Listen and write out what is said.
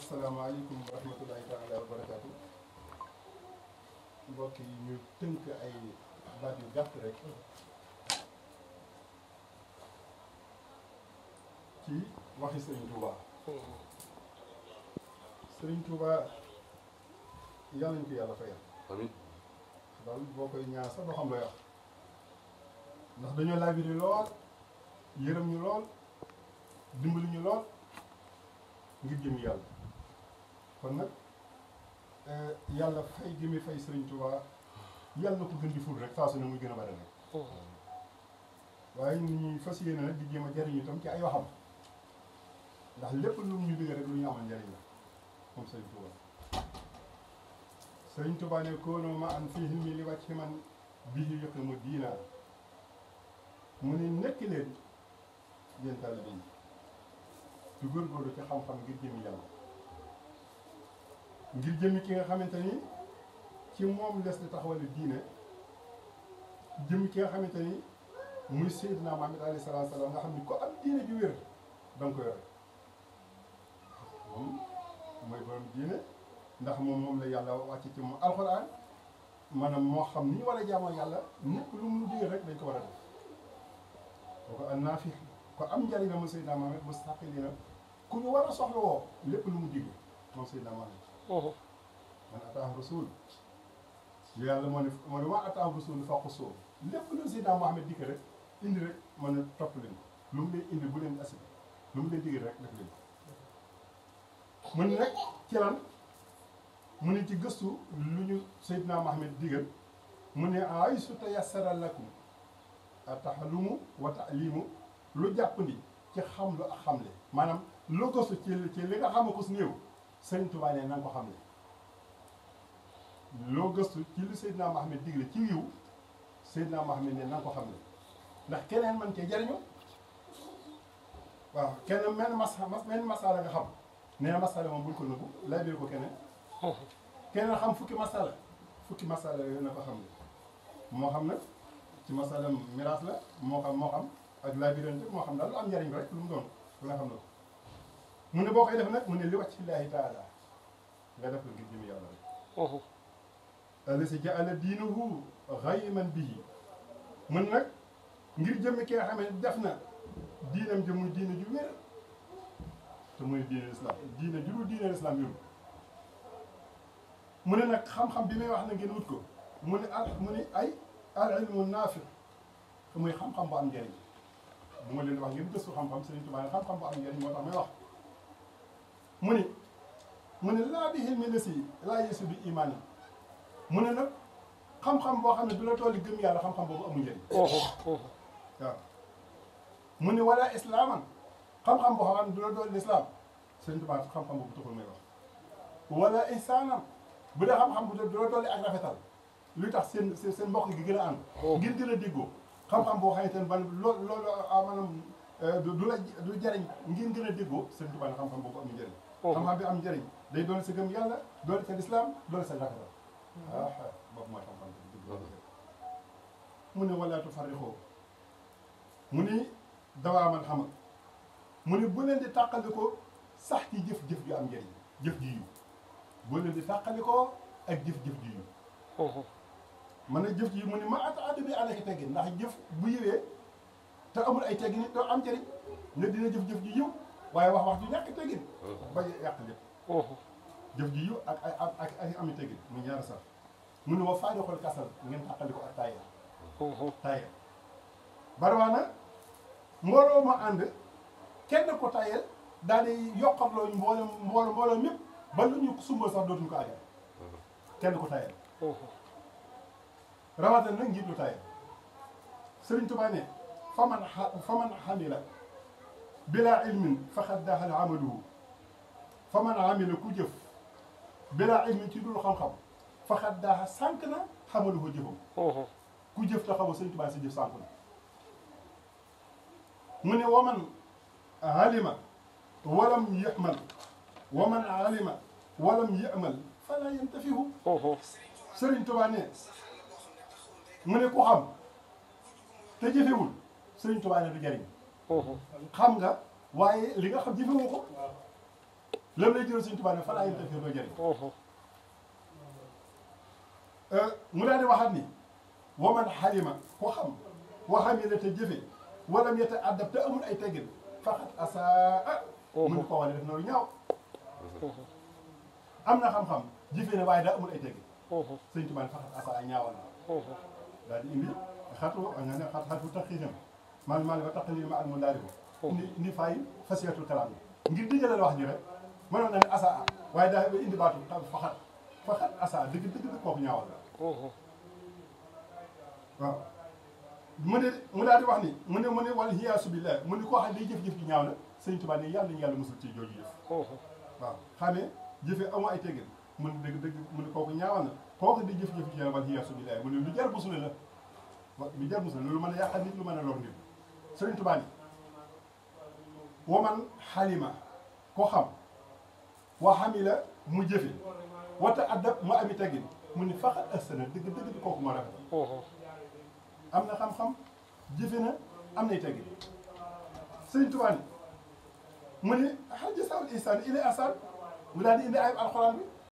asalaamaaleykum wa rahmatulahi taala wa barakaatu mbokk yi ñu tënk ay baat yu gàtt rek ci waxi Sëriñ Tuuba Sëriñ Tuuba yal nañu ko yàlla fayal amiin loolu boo koy ñaar sax doo xam lay wax ndax dañoo laabiri lool yërëm ñu lool dimbali ñu lool ngir jëm yàlla kon nag euh, yàlla fay gi fay Sëriñ Tuubaa yàlla na ko gën di ful rek saa su ne muy gën a bare rek oh. waaye ñuy fas yéene nag di jéem a jariñu itam ci ay waxam ndax lépp lu ñu digg rek lu ñu amal njariñ la moom Sëriñ Tuubaa Sëriñ ne koonoo ma am fii mi li wàcc man bi ñu yëkk mu diinaa mu ne nekk leen yéen taalibe yi di góorgóorlu ci xam-xam ngir jëmi yàlla ngir jëm ci nga xamanteni ci mom les di taxawale diine jëm ci nga xamanteni muy Seydina Muhammad ali sallallahu alayhi wasallam nga xamni ko am diine ju wér da ko yore moom mooy borom diine ndax moom moom la yàlla wàcc ci moom alxuraan maanaam moo xam ni wala jamo yàlla nepp lu mu digal rek dañ ko wara def kooku an naa ko am njariñ la mu Seydina Muhammad mustaqilina ku ñu wara soxlo soxla lépp lu mu digal mo Seydina Muhammad man ataahu rasul yàlla moo ne moo ne waa ataahu rasul fa xusoo lépp lu si daa Muhammad dikk rek indi rek mën a topp leen lu mu leen indi bu leen asib lu mu leen digal rek def leen mu ne nag ci lan mu ne lu ñu Seydina Muhammad mu lu jàpp ni ci xam lu ak xamle maanaam loo gëstu ci li nga xam xamakus néew سيدنا توبا لي لو غست كي سيدنا محمد ديغلي كي يو سيدنا محمد لي نانكو خامل ناخ كينن مان تي جارنيو واه كان من مسا مس لا خام نيا مسا لا مبل كو لا بي كو كينن كينن خام لا فوكي مسا لا يونا كو خامل مو خام نا تي مسا لا ميراث لا مو خام مو خام اك لا بي رنت مو خام دا لا خام نكو من بوق إلى هناك من اللي وقت الله تعالى هذا كل جد من الله الذي جاء دينه غيما به منك غير جم كي حمل دفنا دين جم دين جم ثم دين الإسلام دين جم دين الإسلام يوم من هناك خم خم بما واحد نجي نوتكو من من أي العلم النافع ثم خم خم بعد جاي مولين واحد يبدأ سو خم خم سنين تبعين خم خم بعد جاي ما تعمل واحد mu ni mu ne laa bi xilmi lasi laa yeesu bi imaan yi mu ne nag xam-xam boo xam ne du la tool gëm yàlla xam-xam boobu amul njëriñ waaw mu ne wala islaaman xam-xam boo xam ne du la dool lislaam sëriñ Tuubaa xam-xam boobu taxul may wax wala ihsaanan bu dee xam-xam bu du la dool ak rafetal lu tax seen seen mbokk gi gën a ànd ngir gën a déggoo xam-xam boo xamante ne ban loo loolu maanaam du la du jariñ ngir gën a déggoo sëriñ Tuubaa ne xam-xam boobu amul njëriñ xam-xam bi am njëriñ day doon sa gëm yàlla doon sa lislaam doon sa lakra ah boobu mooy xam-xam mu ne walaatu farrixoo mu ni dawaamal xamal mu ni bu leen di tàqalikoo sax ci jëf-jëf ju am njëriñ jëf ji yu boo leen di tàqalikoo ak jëf-jëf ji yu mën na jëf ji yu mu ni ma at addu bi alaki teggin ndax jëf bu yiwee te amul ay teggin doo am njëriñ ne dina jëf-jëf ji yiw waaye wax wax ju ñàkk teggin ba yàq lépp jëf ji yu ak ak ak ay ami teggin mu ñaar sax mu ne wa faari xool kasal ngeen xàqali ko ak taayal taayal barawaana mbooloo ma ànd kenn ko taayal daal di yokkatloo mbooloo mbooloo mbooloo mépp ba lu ñu sumbal sax dootuñu ko àggal kenn ko taayal rawatina nag njiit lu taayal Sëriñ Tuubaa ne faman faman xamila بلا علم فقد دخل عمله فمن عمل ku jëf bila ilmin ci dul xam-xam faqad daaxa sànq na xamaluhu jëfam ku jëf te xamoo sëñ Tuubaa si jëf sànq na mu ne waman alima walam yaxmal waman alima walam yaxmal fala yantafihu sëriñ Tuubaa ne mu ne ku xam te jëfewul sëriñ Tuubaa ne du jariñ xam nga waaye li nga xam jëfewoo ko lépp lay jëriñ suñu tubaab ne fa laay interféré ba jëriñ mu daal di waxaat ni waman xalima ko xam waxam yi la te jëfe walam yete adab te amul ay teggin faqat asaa mun ko wane def na lu ñaaw am na xam-xam jëfe ne waaye daa amul ay teggin suñu tubaab ne faqat asaa ñaawal na daal di indi xatu nga ne xatu taxiinam man maa ne ba tax ma almoon daal ni ni fay fasiyatul kalam ngir dëggalal wax ni rek mënoon na ne asa way da indi batu tam fakhat faxat asa deug deug dëgg ko ñaawal la. waaw mu ne mu daal wax ni mu ne mu ne wala hiyaasu billah mu ne koo xam day jëf-jëf ci ñaaw la sëñ Tuubaa ne yàlla ni yàlla musul ci jooju jëf. wa xamee jefe amoo ay teggin mu ne deug dëgg mu ne kooku ñaawal na kooku di jëf-jëf ci yalla wal hiyaasu billah mu ne lu jar musul la lu jar musul la loolu mën a yàqal nit lu mën lor nit Sëriñ Tuubaa ni waman xalima ko xam wa xamila mu jëfe wata addab mu ami teggin mu ni faxa assana dëgg dëgg di kooku ma rafet am na xam-xam jëfe na am nay teggin Sëriñ Tuubaa ni mu ni xaji sawul insaan ila asaan mu daal di indi ayib alxuraan bi